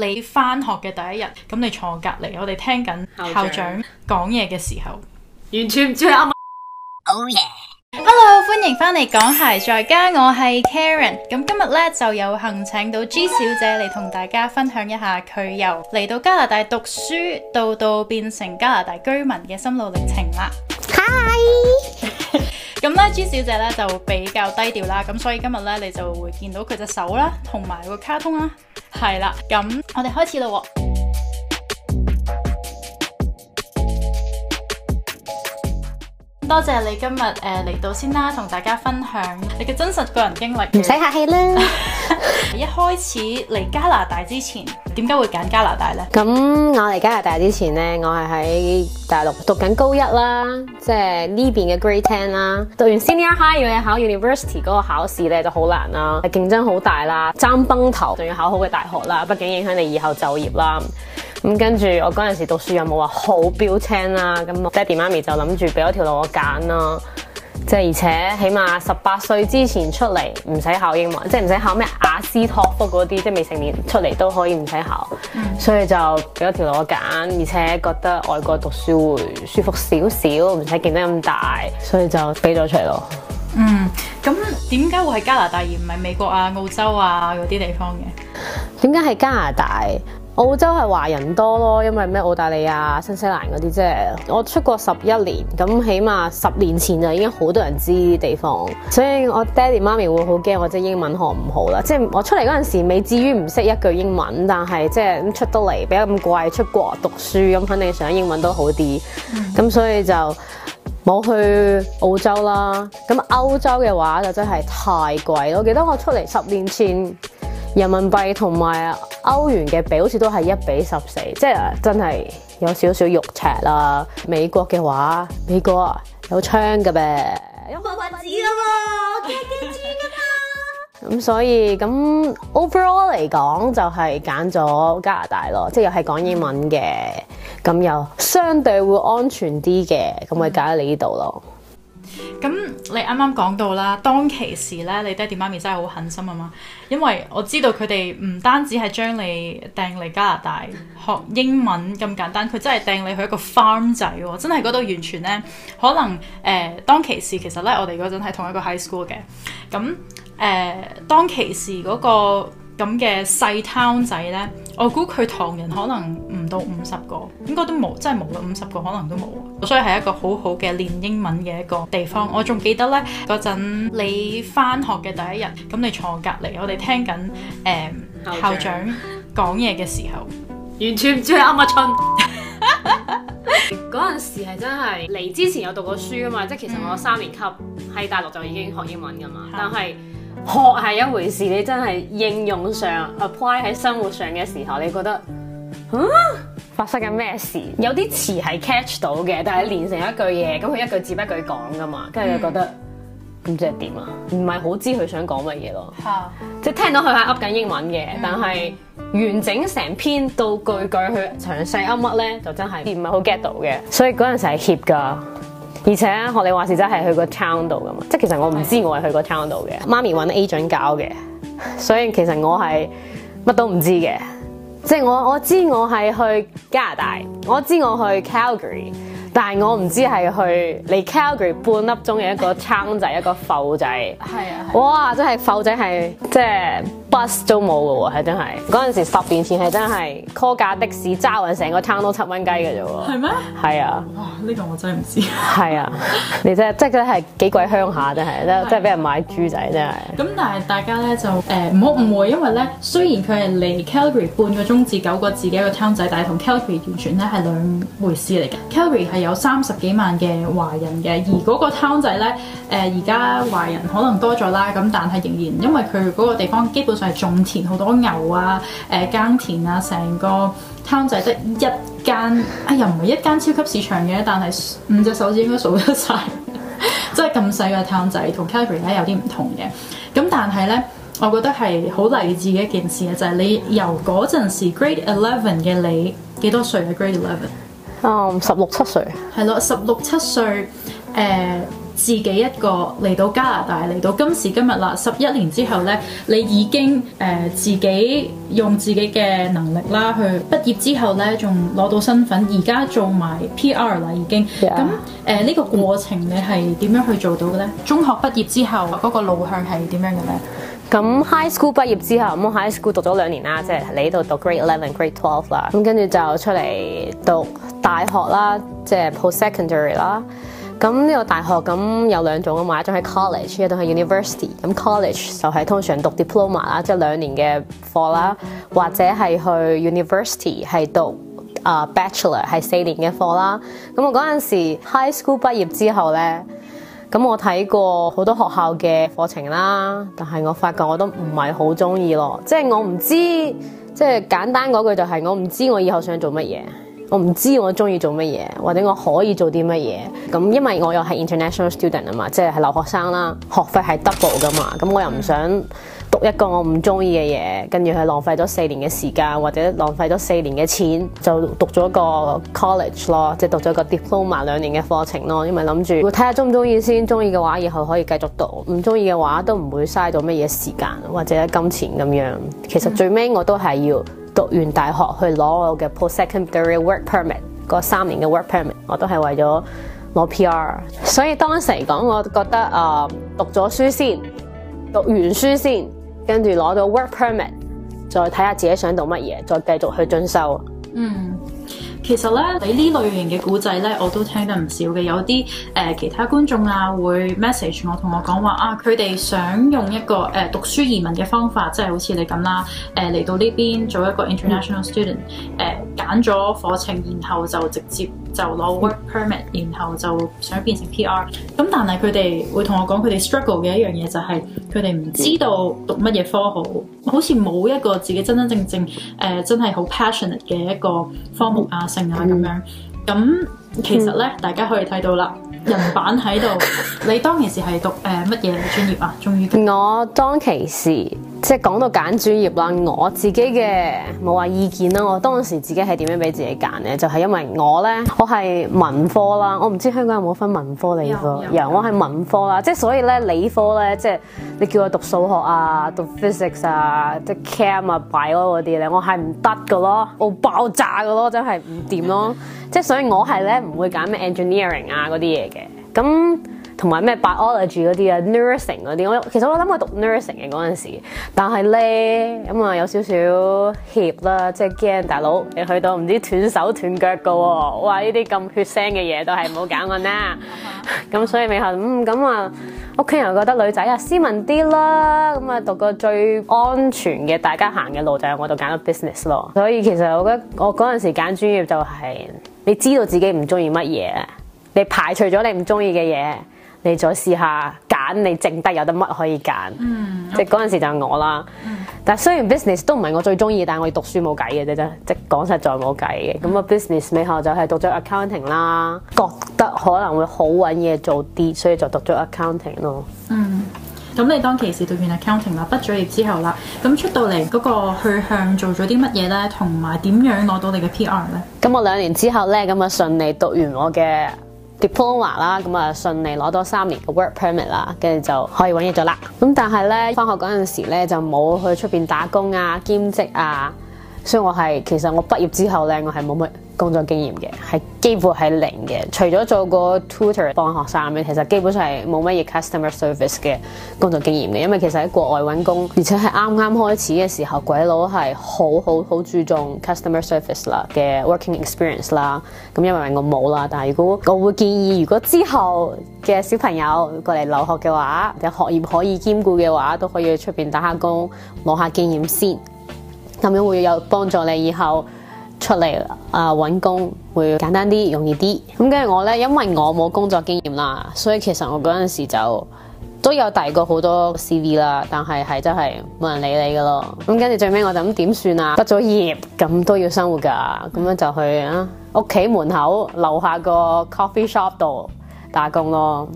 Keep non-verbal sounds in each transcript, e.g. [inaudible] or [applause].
你翻學嘅第一日，咁你坐隔籬，我哋聽緊校長講嘢嘅時候，完全唔知係啱啱。Oh yeah，Hello，歡迎翻嚟講鞋在家，我係 Karen。咁今日呢，就有幸請到 G 小姐嚟同大家分享一下佢由嚟到加拿大讀書到到變成加拿大居民嘅心路歷程啦。Hi，咁咧 G 小姐呢，就比較低調啦，咁所以今日呢，你就會見到佢隻手啦，同埋個卡通啦。係啦，咁我哋開始啦喎。多謝你今日誒嚟到先啦，同大家分享你嘅真實個人經歷。唔使客氣啦。 [laughs] [laughs] 一開始嚟加拿大之前，點解會揀加拿大呢？咁我嚟加拿大之前呢，我係喺大陸讀緊高一啦，即係呢邊嘅 Grade Ten 啦。讀完 Senior High 要去考 University 嗰個考試呢，就好難啦，競爭好大啦，爭崩頭，仲要考好嘅大學啦，畢竟影響你以後就業啦。咁跟住我嗰陣時讀書又冇話好標青啦、啊，咁爹哋媽咪就諗住俾咗條路我揀啦、啊，即係而且起碼十八歲之前出嚟唔使考英文，即係唔使考咩雅思托福嗰啲，即係未成年出嚟都可以唔使考，嗯、所以就俾咗條路我揀，而且覺得外國讀書會舒服少少，唔使競爭咁大，所以就俾咗出嚟咯。嗯，咁點解會係加拿大而唔係美國啊、澳洲啊嗰啲地方嘅？點解係加拿大？澳洲係華人多咯，因為咩？澳大利亞、新西蘭嗰啲啫。我出國十一年，咁起碼十年前就已經好多人知地方，所以我爹哋媽咪會好驚我即係英文學唔好啦。即係我出嚟嗰陣時，未至於唔識一句英文，但係即係出到嚟比較咁貴，出國讀書咁肯定想英文都好啲。咁、mm hmm. 所以就冇去澳洲啦。咁歐洲嘅話就真係太貴咯。我記得我出嚟十年前。人民幣同埋歐元嘅比好似都係一比十四，即係真係有少少肉赤啦。美國嘅話，美國啊有槍嘅唄，有冇銀紙㗎喎？金金磚啊嘛。咁所以咁 overall 嚟講就係揀咗加拿大咯，即係又係講英文嘅，咁又相對會安全啲嘅，咁咪揀喺你呢度咯。咁你啱啱講到啦，當其時咧，你爹哋媽咪真係好狠心啊嘛，因為我知道佢哋唔單止係將你掟嚟加拿大學英文咁簡單，佢真係掟你去一個 farm 仔、哦，真係嗰度完全咧可能誒、呃，當其時其實咧我哋嗰陣係同一個 high school 嘅，咁、嗯、誒、呃、當其時嗰、那個。咁嘅細 town 仔呢，我估佢唐人可能唔到五十個，應該都冇，真係冇啦，五十個可能都冇，所以係一個好好嘅練英文嘅一個地方。我仲記得呢嗰陣你翻學嘅第一日，咁你坐我隔離，我哋聽緊、嗯、校長 [laughs] 講嘢嘅時候，完全唔知係啱阿春。嗰 [laughs] 陣 [laughs] 時係真係嚟之前有讀過書啊嘛，即係其實我三年級喺、嗯、大陸就已經學英文㗎嘛，但係是。 [laughs] 學係一回事，你真係應用上 apply 喺生活上嘅時候，你覺得嗯、啊，發生緊咩事？有啲詞係 catch 到嘅，但係連成一句嘢，咁佢一句字不句講噶嘛，跟住覺得咁即係點啊，唔係好知佢想講乜嘢咯。吓， [laughs] 即係聽到佢係噏緊英文嘅，但係完整成篇到句句去詳細噏乜咧，就真係唔係好 get 到嘅。所以嗰陣時係怯噶。而且學你話事真係去個 town 度㗎嘛，即係其實我唔知我係去個 town 度嘅，媽咪揾 agent 搞嘅，所以其實我係乜都唔知嘅，即係我我知我係去加拿大，我知我去 Calgary，但係我唔知係去離 Calgary 半粒鐘嘅一個 town 仔 [laughs] 一個埠仔，係啊，哇，真係埠仔係即係。Bus 都冇嘅喎，係真係嗰陣時十年前係真係 call 架的士揸勻成個 town 都七蚊雞嘅啫喎。係咩嗎？係啊。哇！呢、呢個我真係唔知。係啊， [laughs] [laughs] 你真係真係幾鬼鄉下真係，真真係俾的人買豬仔真係、嗯。咁但係大家咧就誒唔好誤會，因為咧雖然佢係離 Calgary 半個鐘至九個字嘅一個 town 仔，但係同 Calgary 完全咧係兩回事嚟嘅。Calgary 係有三十幾萬嘅華人嘅，而嗰個 town 仔咧誒而家華人可能多咗啦，咁但係仍然因為佢嗰個地方基本。就係種田，好多牛啊，誒、呃、耕田啊，成個 town 仔得一間，啊又唔係一間超級市場嘅，但係五隻手指應該數得晒。即係咁細個 town 仔 rey, 同 Calgary 咧有啲唔同嘅。咁但係咧，我覺得係好勵志嘅一件事嘅，就係、是、你由嗰陣時 Grade Eleven 嘅你幾多歲啊？Grade Eleven 啊、嗯，十六七歲。係咯，十六七歲誒。呃自己一個嚟到加拿大，嚟到今時今日啦，十一年之後呢，你已經誒、呃、自己用自己嘅能力啦，去畢業之後呢，仲攞到身份，而家做埋 P R 啦已經。咁誒呢個過程你係點樣去做到嘅呢？中學畢業之後嗰、那個路向係點樣嘅呢？咁 High School 畢業之後，咁 High School 讀咗兩年啦，即係你呢度讀 Grade Eleven、Grade Twelve 啦，咁跟住就出嚟讀大學啦，即係 Post Secondary 啦。咁呢個大學咁有兩種啊嘛，一種係 college，一種係 university。咁 college 就係通常讀 diploma 啦，即係兩年嘅課啦，或者係去 university 係讀啊 bachelor 係四年嘅課啦。咁我嗰陣時 high school 畢業之後咧，咁我睇過好多學校嘅課程啦，但係我發覺我都唔係好中意咯。即係我唔知，即係簡單嗰句就係我唔知我以後想做乜嘢。我唔知我中意做乜嘢，或者我可以做啲乜嘢咁，因為我又係 international student 啊嘛，即係留學生啦，學費係 double 噶嘛，咁我又唔想讀一個我唔中意嘅嘢，跟住係浪費咗四年嘅時間，或者浪費咗四年嘅錢，就讀咗個 college 咯，即係讀咗個 diploma 兩年嘅課程咯，因為諗住會睇下中唔中意先，中意嘅話以後可以繼續讀，唔中意嘅話都唔會嘥到乜嘢時間或者金錢咁樣。其實最尾我都係要，讀完大學去攞我嘅 post-secondary work permit，嗰三年嘅 work permit，我都係為咗攞 PR。所以當時嚟講，我覺得啊、呃，讀咗書先，讀完書先，跟住攞到 work permit，再睇下自己想讀乜嘢，再繼續去進修。嗯。其實咧，你呢類型嘅古仔咧，我都聽得唔少嘅。有啲誒、呃、其他觀眾啊，會 message 我，我說說，同我講話啊，佢哋想用一個誒、呃、讀書移民嘅方法，即係好似你咁啦，誒、呃、嚟到呢邊做一個 international student，誒揀咗課程，然後就直接。就攞 work permit，然後就想變成 PR。咁但係佢哋會同我講佢哋 struggle 嘅一樣嘢就係佢哋唔知道讀乜嘢科好，好似冇一個自己真真正正誒、呃、真係好 passionate 嘅一個科目啊、性啊咁樣。咁其實咧，嗯、大家可以睇到啦，人版喺度。你當其時係讀誒乜嘢專業啊？終於，我當其時。即係講到揀專業啦，我自己嘅冇話意見啦。我當時自己係點樣俾自己揀呢？就係因為我呢，我係文科啦。我唔知香港有冇分文科理科，然我係文科啦。即係所以呢，理科呢，即係你叫我讀數學啊，讀 physics 啊，即係 chem 啊，bio 嗰啲呢，我係唔得噶咯，我爆炸噶咯，真係唔掂咯。即係所以，我係呢，唔會揀咩 engineering 啊嗰啲嘢嘅。咁。同埋咩 biology 嗰啲啊，nursing 嗰啲，我、那個、其實我諗我讀 nursing 嘅嗰陣時，但係咧咁啊，有少少怯啦，即係驚大佬你去到唔知斷手斷腳㗎喎、哦，哇！呢啲咁血腥嘅嘢都係唔好揀我啦。咁所以咪霞嗯咁啊，屋企人覺得女仔啊斯文啲啦，咁啊讀個最安全嘅大家行嘅路就係我度揀咗 business 咯。所以其實我覺得我嗰陣時揀專業就係你知道自己唔中意乜嘢，你排除咗你唔中意嘅嘢。你再試下揀你淨得有得乜可以揀，嗯、即係嗰陣時就我啦。嗯、但係雖然 business 都唔係我最中意，但係我讀書冇計嘅啫啫，即係講實在冇計嘅。咁啊、嗯，business 尾後就係讀咗 accounting 啦，覺得可能會好揾嘢做啲，所以就讀咗 accounting 咯。嗯，咁你當其時讀完 accounting 啦，畢咗業之後啦，咁出到嚟嗰個去向做咗啲乜嘢咧？同埋點樣攞到你嘅 PR 咧？咁我兩年之後咧，咁啊順利讀完我嘅。diploma 啦，咁啊順利攞多三年嘅 work permit 啦，跟住就可以揾嘢做啦。咁但係咧，返學嗰陣時咧就冇去出邊打工啊、兼職啊，所以我係其實我畢業之後咧，我係冇乜工作經驗嘅係幾乎係零嘅，除咗做過 tutor 幫學生咧，其實基本上係冇乜嘢 customer service 嘅工作經驗嘅，因為其實喺國外揾工，而且係啱啱開始嘅時候，鬼佬係好好好注重 customer service 啦嘅 working experience 啦。咁因為我冇啦，但係如果我會建議，如果之後嘅小朋友過嚟留學嘅話，有學業可以兼顧嘅話，都可以去出邊打下工，攞下經驗先，咁樣會有幫助你以後，出嚟啊揾工會簡單啲，容易啲。咁跟住我呢，因為我冇工作經驗啦，所以其實我嗰陣時就都有遞過好多 CV 啦，但係係真係冇人理你噶咯。咁跟住最尾我就諗點算啊？畢咗業咁都要生活噶，咁樣就去啊屋企門口樓下個 coffee shop 度打工咯。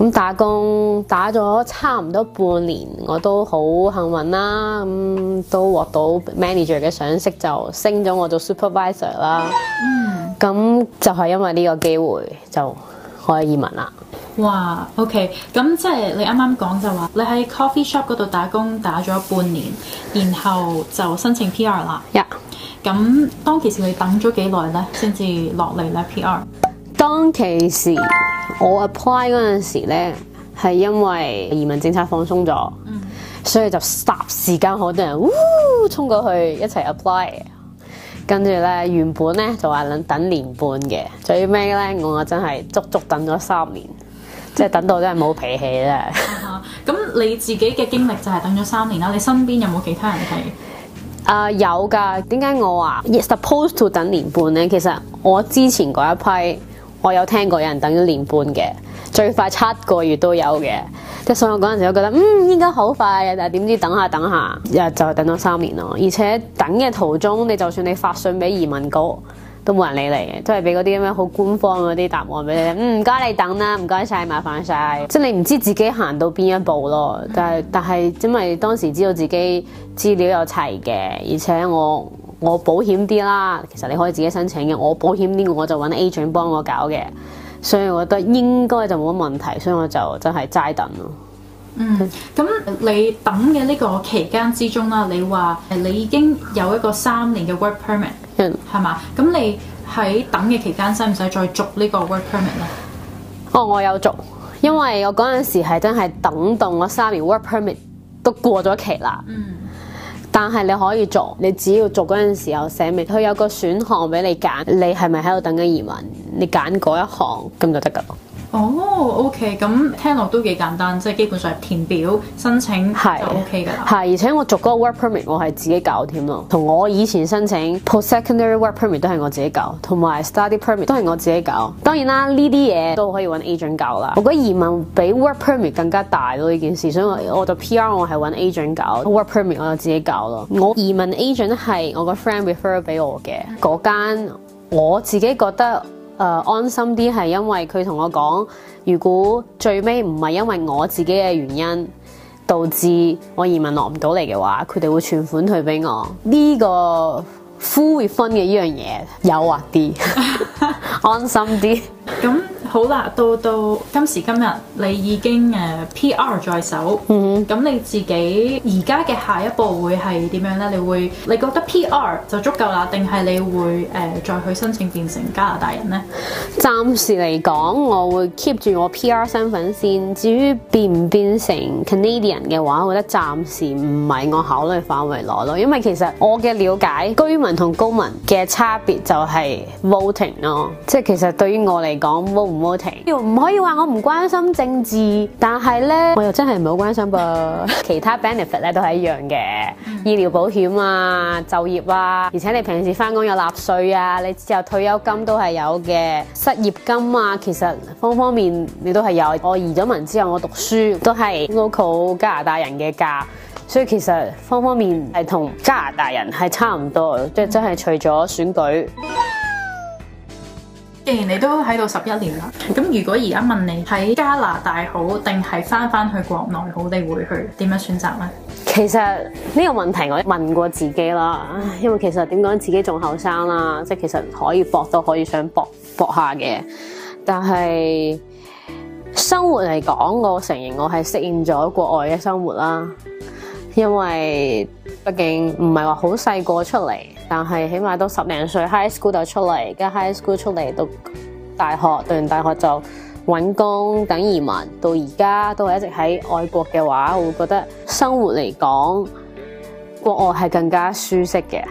咁打工打咗差唔多半年，我都好幸運啦，咁、嗯、都獲到 manager 嘅賞識，就升咗我做 supervisor 啦。嗯，咁、嗯、就係、是、因為呢個機會就可以移民啦。哇，OK，咁即係你啱啱講就話你喺 coffee shop 嗰度打工打咗半年，然後就申請 PR 啦。呀、嗯，咁當其時你等咗幾耐呢？先至落嚟咧 PR？當其時。我 apply 嗰陣時咧，係因為移民政策放鬆咗，嗯、所以就霎時間好多人，呼、呃，衝過去一齊 apply。跟住咧，原本咧就話諗等年半嘅，最尾咧我啊真係足足等咗三年，即係 [laughs] 等到真係冇脾氣啦。咁、 [laughs] 嗯、你自己嘅經歷就係等咗三年啦，你身邊有冇其他人係？啊、呃、有噶，點解我話 supposed to 等年半咧？其實我之前嗰一批。我有聽過有人等一年半嘅，最快七個月都有嘅。即係所以我嗰陣時都覺得，嗯，應該好快嘅，但係點知等下等下又就等咗三年咯。而且等嘅途中，你就算你發信俾移民局，都冇人理你嘅，都係俾嗰啲咩好官方嗰啲答案俾你。嗯，唔該你等啦，唔該晒，麻煩晒。即係你唔知自己行到邊一步咯。但係但係因為當時知道自己資料有齊嘅，而且我。我保險啲啦，其實你可以自己申請嘅。我保險啲我就揾 agent 幫我搞嘅，所以我覺得應該就冇乜問題，所以我就真係齋等咯。嗯，咁你等嘅呢個期間之中啦，你話你已經有一個三年嘅 work permit，嗯，係嘛？咁你喺等嘅期間使唔使再續呢個 work permit 呢？哦，我有續，因為我嗰陣時係真係等到我三年 work permit 都過咗期啦。嗯。但係你可以做，你只要做嗰陣時候寫明，佢有個選項俾你揀，你係咪喺度等緊移民？你揀嗰一行咁就得噶咯。哦，OK，咁聽落都幾簡單，即係基本上填表申請就 OK 噶啦。係。係，而且我做嗰個 work permit 我係自己搞添咯，同我以前申請 post secondary work permit 都係我自己搞，同埋 study permit 都係我自己搞。當然啦，呢啲嘢都可以揾 agent 搞啦。我覺得移民比 work permit 更加大咯呢件事，所以我就 PR 我係揾 agent 搞，work permit 我就自己搞。我移民 agent 係我個 friend refer 俾我嘅，嗰間我自己覺得誒、呃、安心啲，係因為佢同我講，如果最尾唔係因為我自己嘅原因導致我移民落唔到嚟嘅話，佢哋會全款退俾我。呢、這個 full refund 嘅呢樣嘢，有啊啲安心啲點。嗯好啦，到到今時今日，你已經誒 PR 在手，嗯哼，咁你自己而家嘅下一步會係點樣咧？你會你覺得 PR 就足夠啦，定係你會誒、呃、再去申請變成加拿大人咧？暫時嚟講我會 keep 住我 PR 身份先。至於變唔變成 Canadian 嘅話，我覺得暫時唔係我考慮範圍內咯。因為其實我嘅了解，居民同公民嘅差別就係 voting 咯。即係其實對於我嚟講，冇。又唔可以話我唔關心政治，但係呢，我又真係唔好關心噃。 [laughs] 其他 benefit 咧都係一樣嘅， [laughs] 醫療保險啊、就業啊，而且你平時翻工，有納稅啊，你之後退休金都係有嘅，失業金啊，其實方方面面你都係有。我移咗民之後，我讀書都係 local 加拿大人嘅價，所以其實方方面面係同加拿大人係差唔多，即係真係除咗選舉。既然你都喺度十一年啦，咁如果而家問你喺加拿大好定係翻翻去國內好，你會去點樣選擇呢？其實呢個問題我問過自己啦，因為其實點講自己仲後生啦，即係其實可以搏都可以想搏搏下嘅。但係生活嚟講，我承認我係適應咗國外嘅生活啦，因為畢竟唔係話好細個出嚟。但係起碼都十零歲，high school 就出嚟，而家 high school 出嚟讀大學，讀完大學就揾工等移民，到而家都係一直喺外國嘅話，我會覺得生活嚟講，國外係更加舒適嘅。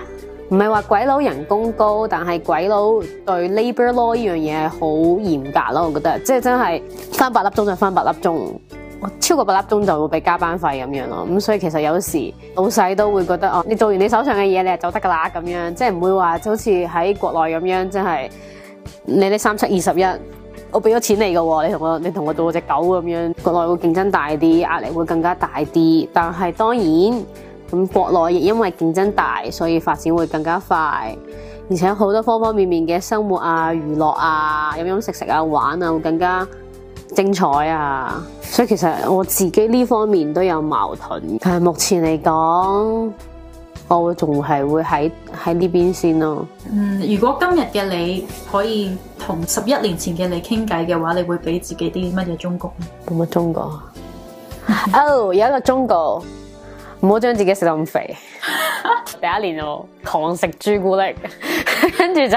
唔係話鬼佬人工高，但係鬼佬對 labour law 呢樣嘢係好嚴格咯。我覺得即係真係返八粒鐘就返八粒鐘。超過八粒鐘就會俾加班費咁樣咯，咁所以其實有時老細都會覺得哦，你做完你手上嘅嘢，你就走得噶啦咁樣，即係唔會話好似喺國內咁樣，即係你啲三七二十一，我俾咗錢你噶，你同我你同我，我做隻狗咁樣。國內會競爭大啲，壓力會更加大啲，但係當然咁國內亦因為競爭大，所以發展會更加快，而且好多方方面面嘅生活啊、娛樂啊、飲飲食食啊、玩啊會更加。精彩啊！所以其實我自己呢方面都有矛盾，但係目前嚟講，我仲係會喺喺呢邊先咯。嗯，如果今日嘅你可以同十一年前嘅你傾偈嘅話，你會俾自己啲乜嘢忠告？冇乜忠告？哦， [laughs] oh, 有一個忠告，唔好將自己食到咁肥。 [laughs] 第一年我狂食朱古力，跟 [laughs] 住就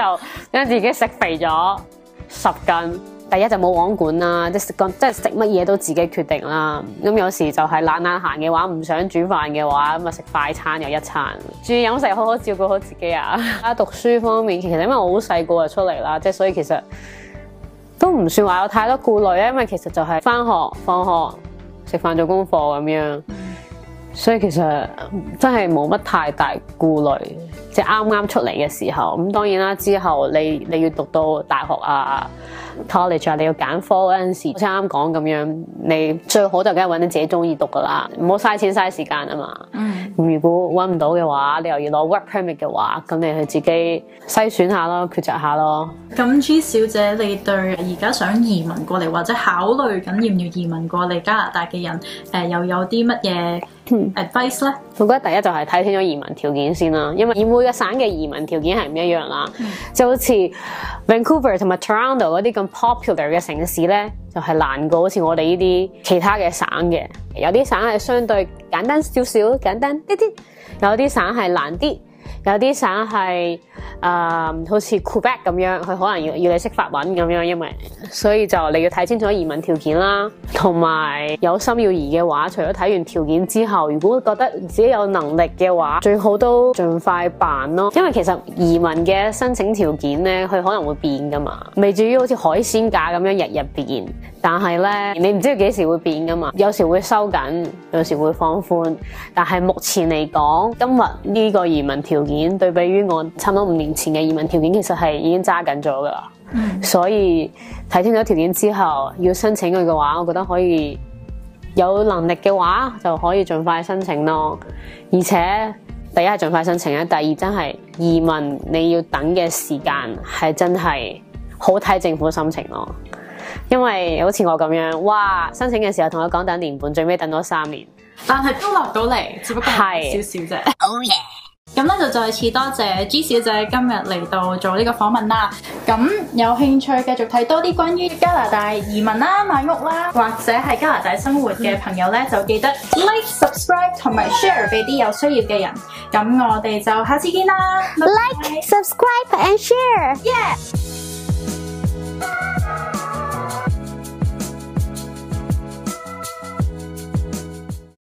將自己食肥咗十斤。第一就冇網管啦，即係食咁即係食乜嘢都自己決定啦。咁有時就係懶懶閒嘅話，唔想煮飯嘅話，咁啊食快餐又一餐。注意飲食，好好照顧好自己啊！啊， [laughs] 讀書方面其實因為我好細個就出嚟啦，即係所以其實都唔算話有太多顧慮啊。因為其實就係返學、放學、食飯、做功課咁樣。所以其實真係冇乜太大顧慮，即係啱啱出嚟嘅時候。咁當然啦，之後你你要讀到大學啊，college 啊，你要揀科嗰陣時，好似啱講咁樣，你最好就梗係揾你自己中意讀噶啦，唔好嘥錢嘥時間啊嘛。嗯。如果揾唔到嘅話，你又要攞 work permit 嘅話，咁你去自己篩選下咯，抉擇下咯。咁 G 小姐，你對而家想移民過嚟或者考慮緊要唔要移民過嚟加拿大嘅人，誒、呃、又有啲乜嘢？Advice 咧， [noise] 嗯、我覺得第一就係睇清咗移民條件先啦，因為以每個省嘅移民條件係唔一樣啦、嗯。就好似 Vancouver 同埋 Toronto 嗰啲咁 popular 嘅城市咧，就係難過好似我哋呢啲其他嘅省嘅。有啲省係相對簡單少少，簡單一啲；有啲省係難啲，有啲省係。啊，uh, 好似 Quebec 咁樣，佢可能要要你識法文咁樣，因為所以就你要睇清楚移民條件啦，同埋有，有心要移嘅話，除咗睇完條件之後，如果覺得自己有能力嘅話，最好都盡快辦咯，因為其實移民嘅申請條件咧，佢可能會變噶嘛，未至於好似海鮮價咁樣日日變，但係咧你唔知幾時會變噶嘛，有時會收緊，有時會放寬，但係目前嚟講，今日呢個移民條件對比於我差唔多。年前嘅移民條件其實係已經揸緊咗噶啦，嗯、所以睇清楚條件之後要申請佢嘅話，我覺得可以有能力嘅話就可以盡快申請咯。而且第一係盡快申請啊，第二真係移民你要等嘅時間係真係好睇政府心情咯。因為好似我咁樣，哇，申請嘅時候同佢講等年半，最尾等咗三年，但係都落到嚟，只不過係少少啫。是 oh yeah. 咁咧，就再次多謝 G 小姐今日嚟到做呢個訪問啦！咁有興趣繼續睇多啲關於加拿大移民啦、啊、買屋啦、啊，或者係加拿大生活嘅朋友咧，就記得 Like、Subscribe 同埋 Share 俾啲有需要嘅人。咁我哋就下次見啦 bye bye！Like、Subscribe and Share。Yeah!